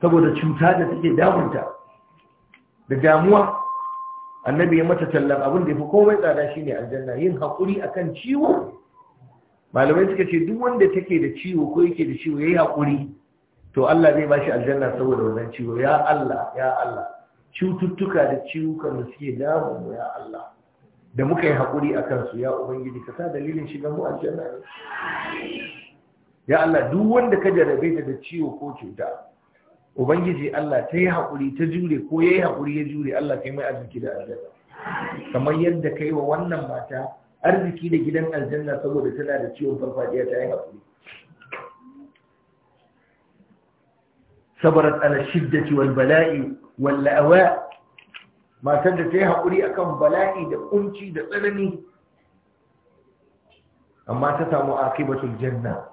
saboda cuta da take damunta da damuwa annabi ya mata tallan abin da ya fi komai tsada shi ne aljanna yin haƙuri kan ciwo malamai suka ce duk wanda take da ciwo ko yake da ciwo ya yi haƙuri to Allah zai ba shi aljanna saboda wannan ciwo ya Allah ya Allah cututtuka da ciwukan da suke damu ya Allah da muka yi haƙuri a kansu ya ubangiji ka sa dalilin shiga mu aljanna ne ya Allah duk wanda ka jarabe da ciwo ko cuta ubangiji Allah ta yi haƙuri ta jure ko ya yi haƙuri ya jure Allah kai mai arziki da aljanna kamar yadda kai wa wannan mata arziki da gidan aljanna saboda tana da ciwon farfadiya ta yi haƙuri sabarat ala shiddati wal bala'i wal la'awa matar da ta yi haƙuri a kan bala'i da ƙunci da tsanani amma ta samu akibatul janna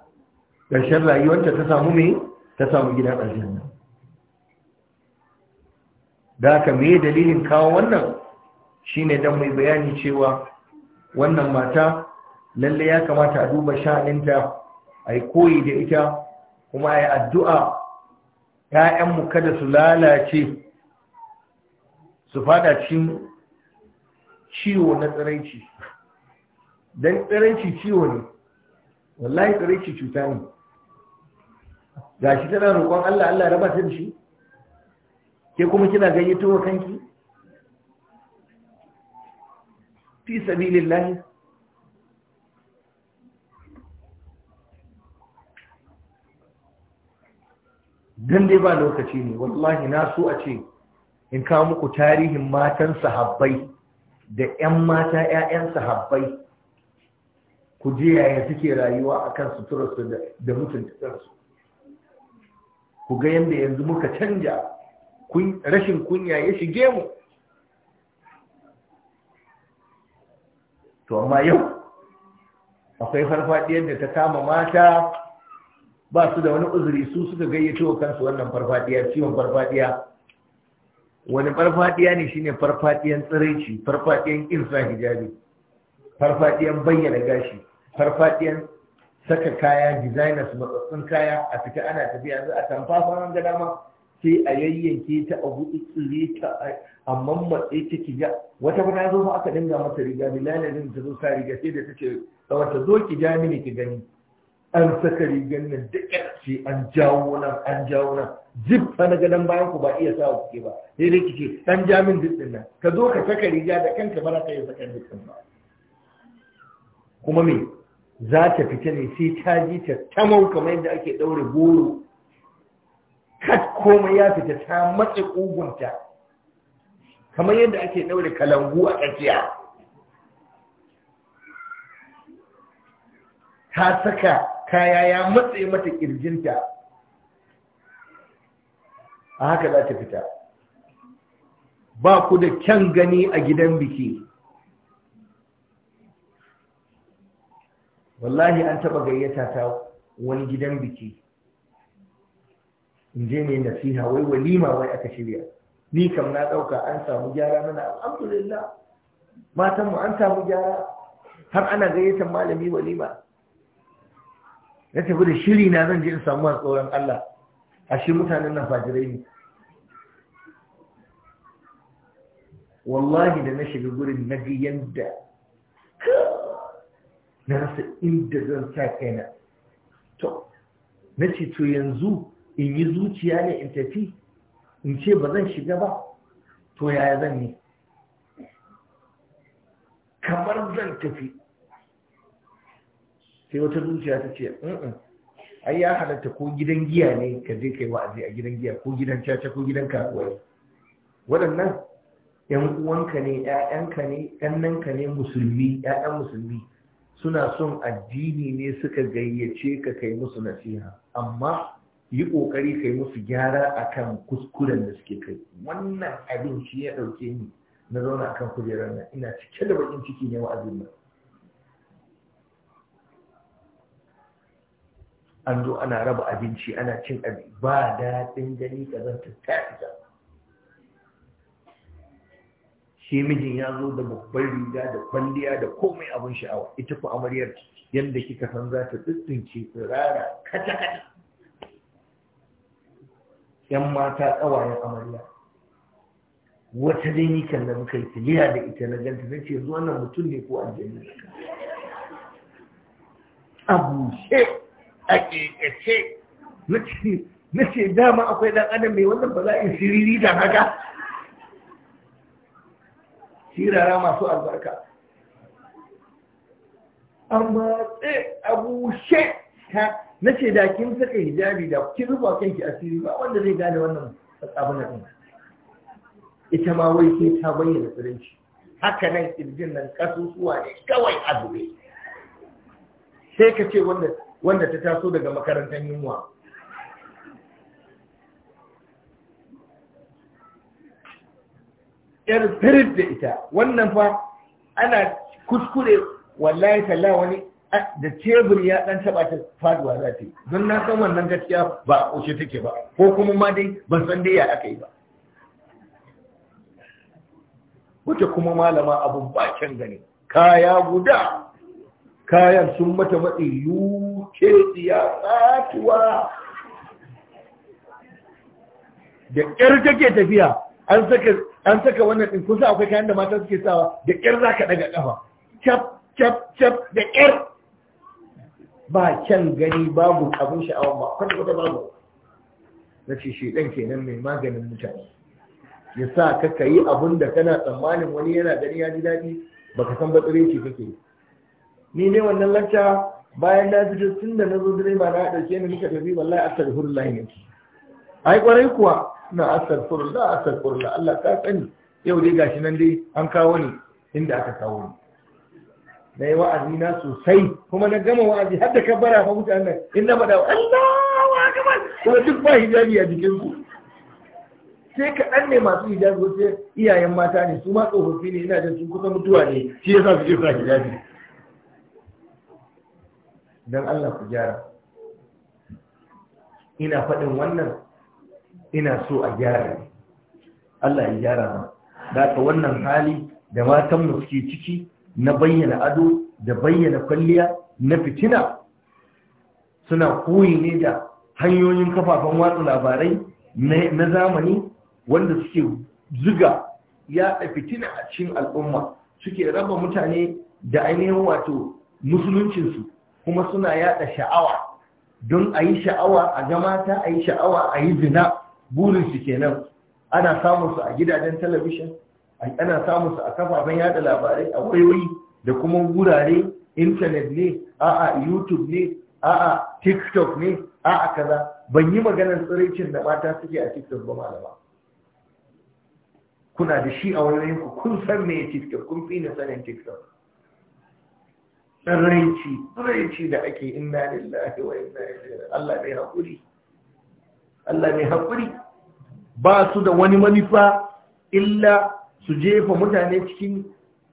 ƙarshen rayuwarta ta samu me ta samu gidan aljanna da aka mai dalilin kawo wannan shi ne don mai bayani cewa wannan mata lalle ya kamata a duba sha'aninta a yi koyi da ita kuma a yi addu'a ‘ya'yanmu kada su lalace su fada cikin ciwo na tsaranci don tsaranci ciwo ne wallahi tsaranci cuta ne ga shi tana roƙon Allah Allah raba ta da shi ke kuma kina ganye tuwa kanki fi sabilillahi dan dai ba lokaci ne wallahi na so a ce in kawo muku tarihin matan sahabbai da 'yan mata 'ya'yan sahabbai ku je yaya suke rayuwa a kan suturarsu da mutunta kansu ku ga yadda yanzu muka canja rashin kunya ya shige mu to amma yau akwai farfadiyar da ta kama mata ba su da wani uzuri su suka gayyato kansu wannan farfadiya ciwon farfadiya wani farfadiya ne shine farfadiyan tsiraici farfadiyan insa hijabi farfadiyan bayyana gashi farfadiyan saka kaya designers matsatsun kaya a fita ana tafiya za a tamfa faran ga dama sai a yayyanke ta a buɗe tsire ta a mammatse ta ki ga wata ba zo ma aka dinga mata riga bilalin ta zo sa riga sai da ta ce ta zo ki ja mini ki gani an saka rigar nan da ce an jawo nan an jawo nan jibba na gadon bayan ku ba iya sa kuke ba sai dai kike dan jamin dukkan nan ka zo ka saka riga da kanka ba ka yi saka dukkan ba kuma me za ta fita ne sai ta ji ta tamau kamar yadda ake daure goro kat komai ya fita ta matse kugunta kamar yadda ake daure kalangu a tsakiya ta saka kaya ya matse mata kirjinta a haka za ta fita ba ku da kyan gani a gidan biki wallahi an taba gayyata ta wani gidan biki in je ne nasiha wai walima wai aka shirya ni kam na ɗauka an samu gyara mana alhamdulillah matanmu an samu gyara har ana gayyatar malami walima na tafi da shiri na zan je in samu tsoron Allah a shi mutanen nan fajirai ne wallahi da na shiga gurin na ga yadda na rasa inda zan sa kaina to na ce to yanzu in yi zuciya ne in tafi in ce ba zan shiga ba to yaya zan yi kamar zan tafi sai wata zuciya ta ce ai ya halatta ko gidan giya ne ka je kai wa'azi a gidan giya ko gidan caca ko gidan kasuwa waɗannan yan uwanka ne ƴaƴanka ne ƙannanka ne musulmi ƴaƴan musulmi suna son addini ne suka gayyace ka kai musu nasiha amma yi ƙoƙari kai musu gyara akan kuskuren da suke kai wannan abin shi ya ɗauke ni na zauna akan kujerar nan ina cike da bakin ciki ne wa'azin nan an zo ana raba abinci ana cin abinci ba daɗin gani ka zan tafiya shi mijin ya zo da babbar riga da kwalliya da komai abin sha'awa ita ku amaryar yadda kika san za ta tsintsince tsirara kata-kata yan mata ƙawayen amarya wata dai ni kan da muka yi tiliya da ita na ganta na ce zuwa nan mutum ne ko aljanna abu shi a ƙeƙace na ce dama akwai ɗan adam mai wannan bala'in siriri da haka sirara masu albarka amma tse a bushe na ce da kin saka hijabi da kin rufa kanki asiri ba wanda zai gane wannan abin nan ita ma wai sai ta bayyana tsirinci haka nan kirjin nan kasusuwa ne kawai a dube sai ka ce wannan wanda ta taso daga makarantar yunwa yar firid da ita wannan fa ana kuskure wallahi talla wani da tebur ya dan taba ta faduwa za ta yi. don na san wannan gaskiya ba a ƙoshe take ba ko kuma ma dai ban san dai ya aka yi ba wata kuma malama abun bakin gani kaya guda kayan sun mata matsi yuke ya tsatuwa da ƙyar take tafiya an saka wannan ɗin kusa akwai kayan da mata suke sawa da ƙyar za ka ɗaga ƙafa cap cap cap da ƙyar ba can gani babu abin sha'awa ba da kwata babu na ce shi ɗan kenan mai maganin mutane ya sa ka yi abin da kana tsammanin wani yana gani ya ji daɗi baka san batsirin ce kake ni ne wannan lacca bayan na fito tun da na zo direba na ɗauke ni muka tafi wallahi astaghfirullah ne ai kwarai kuwa na astaghfirullah astaghfirullah Allah ka sani yau dai gashi nan dai an kawo ni inda aka kawo ni na yi wa'azi na sosai kuma na gama wa'azi har da kabbara fa mutanen in na faɗa Allahu akbar kuma duk ba hijabi a jikin su sai kaɗan ne masu hijabi wace iyayen mata ne su ma tsofaffi ne ina da sun kusa mutuwa ne shi yasa su iya sa hijabi don Allah ku gyara ina faɗin wannan ina so a gyara Allah ya gyara ba da wannan hali da matan suke ciki na bayyana ado da bayyana kwalliya na fitina suna koyi ne da hanyoyin kafafen watsa labarai na zamani wanda suke zuga ya yaɗa fitina a cikin al'umma suke raba mutane da ainihin wato musuluncinsu kuma suna yaɗa sha'awa don a yi sha'awa a ga mata a yi sha'awa a yi zina burinsu kenan ana samun su a gidajen talabishin ana samun su a kafafen yaɗa labarai a wayoyi da kuma wurare intanet ne a'a youtube ne a'a tiktok ne a'a kaza ban yi maganar tsiraicin da mata suke a tiktok ba malama kuna da shi a wani kun san me tiktok kun fi na sanin tiktok tsiraici tsiraici da ake inna lillahi wa inna ilaihi Allah mai haƙuri Allah mai haƙuri ba su da wani manufa illa su jefa mutane cikin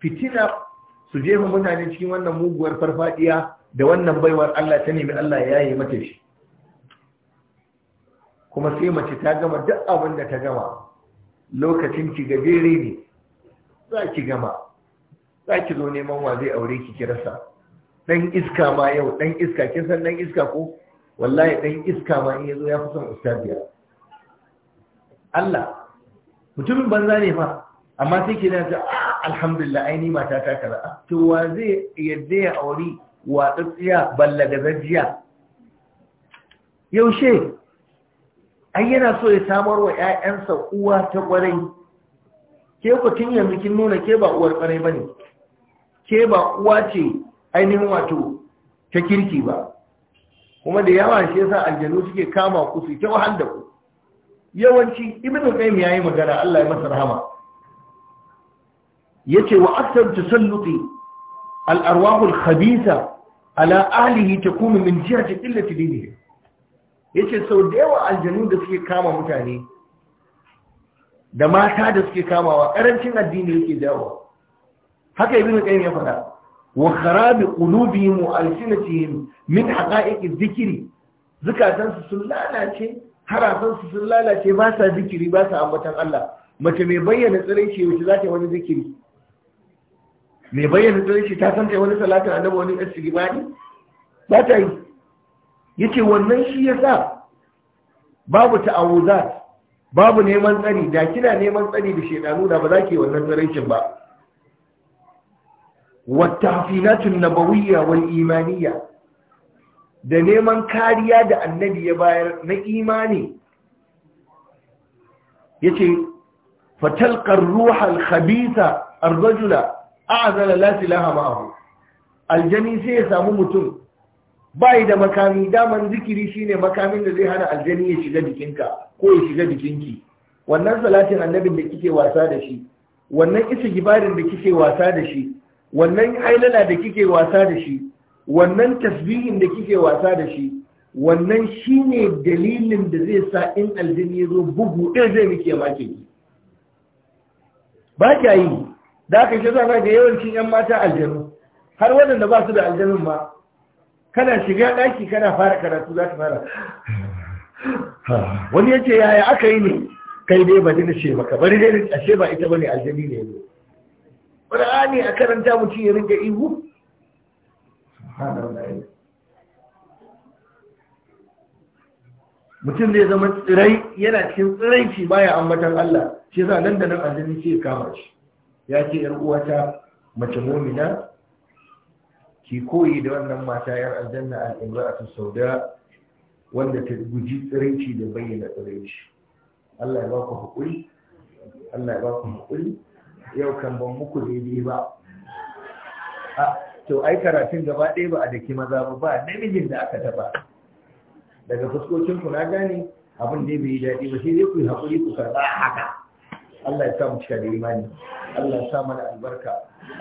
fitina su jefa mutane cikin wannan muguwar farfadiya da wannan baiwar Allah ta nemi Allah ya yi mata shi kuma sai mace ta gama duk abin da ta gama lokacin ki gajere ne za ki gama za ki zo neman wa zai aure ki ki rasa dan iska ma yau dan iska kin san dan iska ko wallahi dan iska ma in yazo ya fi son ustadiya Allah mutumin banza ne fa amma sai ke ta ah, alhamdulillah ai ni mata ta kaza ah, to wa zai yadda ya auri wa tsiya da zajiya yaushe ai yana so ya samar wa ƴaƴansa uwa ta kwarai ke ku tun yanzu kin nuna ke ba uwar kwarai bane ke ba uwa ce ainihin wato ta kirki ba kuma da yawa shi yasa aljanu suke kama ku su ta wahal da ku yawanci ibnu qayyim yayi magana Allah ya masa rahama yace wa akthar tasalluti al arwah al khabitha ala ahlihi takunu min jihati illati dinihi yace sau da yawa aljanu da suke kama mutane da mata da suke kamawa karancin addini yake dawo. haka ibnu qayyim ya faɗa wa Ulubi, qulubihim wa alsinatihim min haqa'iq adh-dhikri zukatansu sun lalace harafansu sun lalace ba sa zikiri ba sa ambatan Allah mace mai bayyana tsirai ce wace za ta wani zikiri mai bayyana tsirai ce ta san ta wani salatin annabi wani asiri ba ne ba ta yi yace wannan shi yasa babu ta'awuzat babu neman tsari da kina neman tsari da shedanu da ba za ki wannan tsiraicin ba والتحفينات النبوية والإيمانية da neman kariya da annabi ya bayar na imani ya ce fatalkar ruhal khabitha arzajula a'azala la silaha ma'ahu aljani sai ya samu mutum bai da makami daman zikiri shine makamin da zai hana aljani ya shiga jikinka ko ya shiga jikinki wannan salatin annabin da kike wasa da shi wannan isa gibarin da kike wasa da shi wannan ailala da kike wasa da shi wannan tasbihin da kike wasa da shi wannan shine dalilin da zai sa in aljini ya zo bugu ɗin zai muke make ki ba kya yi da aka shi zama ga yawancin 'yan mata aljanu har waɗanda ba su da aljanun ma kana shiga ɗaki kana fara karatu za ka fara wani ya yaya aka yi ne kai dai ba dina ce maka bari dai ashe ba ita ne aljani ne ne ƙur'ani a karanta mutum ya rinka ihu mutum zai zama tsirai yana cikin tsiraici baya ambatan Allah shi za nan da nan azumi ce kama shi ya ce yar uwata mace mu'mina ki koyi da wannan mata yar aljanna al imra'atu sauda wanda ta guji tsiraici da bayyana tsiraici Allah ya ba ku hakuri Allah ya ba ku hakuri yau kan ban muku daidai ba a to ai karatun gaba ɗaya ba a daki maza ba ba namijin da aka taba daga fuskokin ku na gane abin da bai daɗi ba sai dai ku yi haƙuri ku karɓa haka Allah ya sa mu cika da imani Allah ya sa mana albarka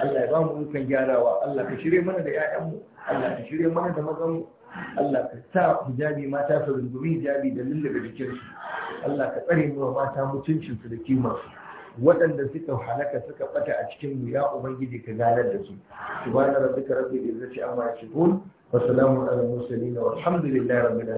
Allah ya ba mu ikon gyarawa Allah ka shirye mana da ƴaƴanmu Allah ka shirye mana da mazanmu Allah ka sa hijabi mata su rungumi hijabi da lullube jikinsu Allah ka tsare mu mata mutuncinsu da kimarsu waɗanda suka halaka suka ɓata a cikin mu ya ubangiji ka ganar da su subhana rabbika rabbil izzati amma yasifun wa salamun ala mursalin walhamdulillahi rabbil